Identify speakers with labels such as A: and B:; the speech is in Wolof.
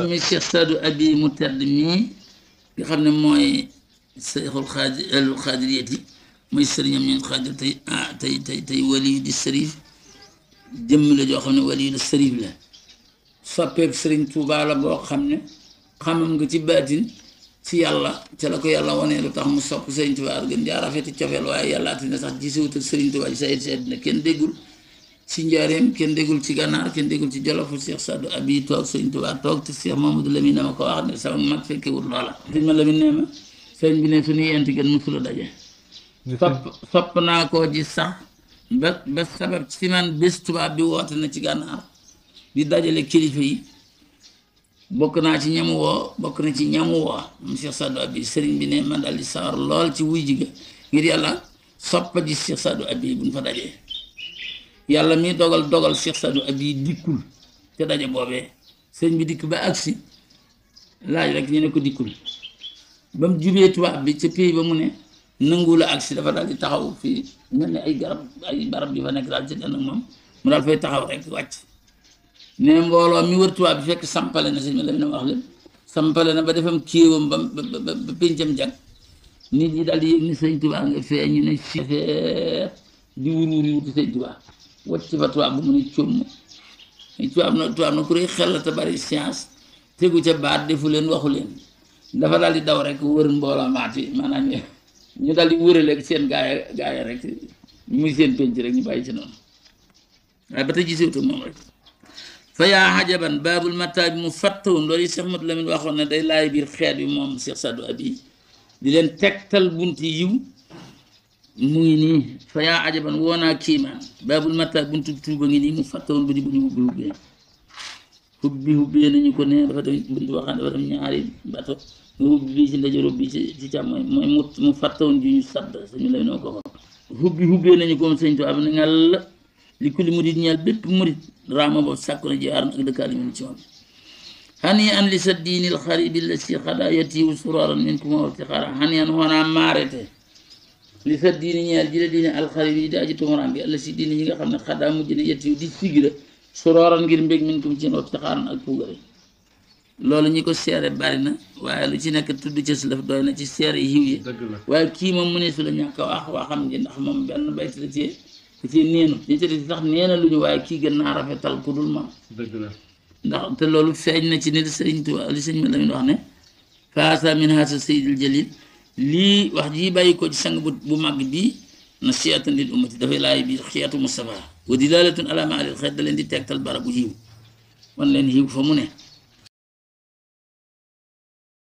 A: mi Cheikh Sadou Abi mu tedd mii nga xam ne mooy Seyxul Xaadir al Xaadiriyat yi mooy sëriñam ñun xaadir tey ah tey tey tey waliyu di sërif jëmm la joo xam ne waliyu la sërif la soppeeb sëriñ Tuubaa la boo xam ne xamam nga ci baatin ci yàlla ca la ko yàlla wanee lu tax mu sopp sëriñ Tuubaa gën jaa rafeti cofeel waaye yàlla ati na sax ji siwutal sëriñ Tuubaa ji sa et si àddina kenn déggul si njaareem kenn déggul ci gànnaar kenn déggul ci jolofu Cheikh Sadou Abi toog sëñ Tuubaa toog te Cheikh Mamadou Lamine dama ko wax ne sama mag fekke wut loola sëñ ma Lamine nee naa koo gis sax ba tubaab bi woote na ci gànnaar dajale kilifa yi bokk naa ci ñamu na ci ñamu woo moom Cheikh Sadou bi ne daal di sawar lool ci wuy ngir yàlla soppa ji Cheikh fa dajee yàlla mi dogal dogal Cheikh Sadu ak yi dikkul te daje boobee sëñ bi dikk ba agsi laaj rek ñu ne ko dikkul ba mu jubee tubaab bi ca pays ba mu ne nanguwul a agsi dafa daal di taxaw fii mel ni ay garab ay barab yu fa nekk daal ci dana moom mu daal fay taxaw rek wàcc ne mbooloo mi wër tubaab bi fekk sampale na sëñ bi la mu ne wax lépp sampale na ba defam kéewam ba ba ba péncam jag nit ñi daal di yëg ni sëñ Tuubaa nga fee ñu ne fee di wur wuri wuti sëñ Tuubaa wacc ba tubaab bu mu ni cumm tubaab na tubaab na ku rëy xel la te bari science tegu ca baat defu leen waxu leen dafa daal di daw rek wër mbooloo maat yi maanaam ñu dal di wërale ak seen gaaya gaaya rek muy seen penc rek ñu bàyyi ci noonu waaye ba tey gisewtu moom rek fa yaa xajaban baabul mataaj mu fattawun loolu yi Cheikh Matu Lamin waxoon ne day laay biir xeet bi moom Cheikh Sadou Abi di leen tegtal bunti yiw muy ni fa yaa ajaban wona kima babul mata buntu tuba ngi ni mu fatawon bu di buñu bu be hubbi hubbe nañu ya, ko ne dafa dem buntu waxan dafa dem ñaari bato hubbi ci ndajoro bi ci jam moy mu mu fatawon ju ñu suñu lay no ko hubbi hubbe nañu ko señ to abna ngal li kulli murid ñal bepp murid rama bo sakku na jaar ak de kalim ci won hani an li saddinil al kharib allati khada yati suraran minkum wa tikhara hani an wana marete li sa diini ñeel ji la diine alxarib yi di aji tumuraan bi àlla si diini yi nga xam ne xaddaa mujj na yett yu di figre sorooran ngir mbég min kum seen waxtu xaaran loolu ñi ko seere bari na waaye lu ci nekk tudd ca si laf doy na ci seere yiw yi waaye kii moom mu su la ñàkk wax waa xam ngi ndax moom benn bayt la ci da ñu neenu ñi ci sax neena lu ñu waaye kii gën naa rafetal ku dul ma ndax te loolu feeñ na ci ni sëriñ Tuubaa li sëñ ma lamin wax ne faasa min haasa sayyidil jalil lii wax jii bàyyi ko ci sang bu bu mag bi nasiihatan lil ummati dafay laay bi xiyatu Mustafa wa dilaalatun ala ma'al xayr da leen di tegtal barabu yiw wan leen yiw fa mu ne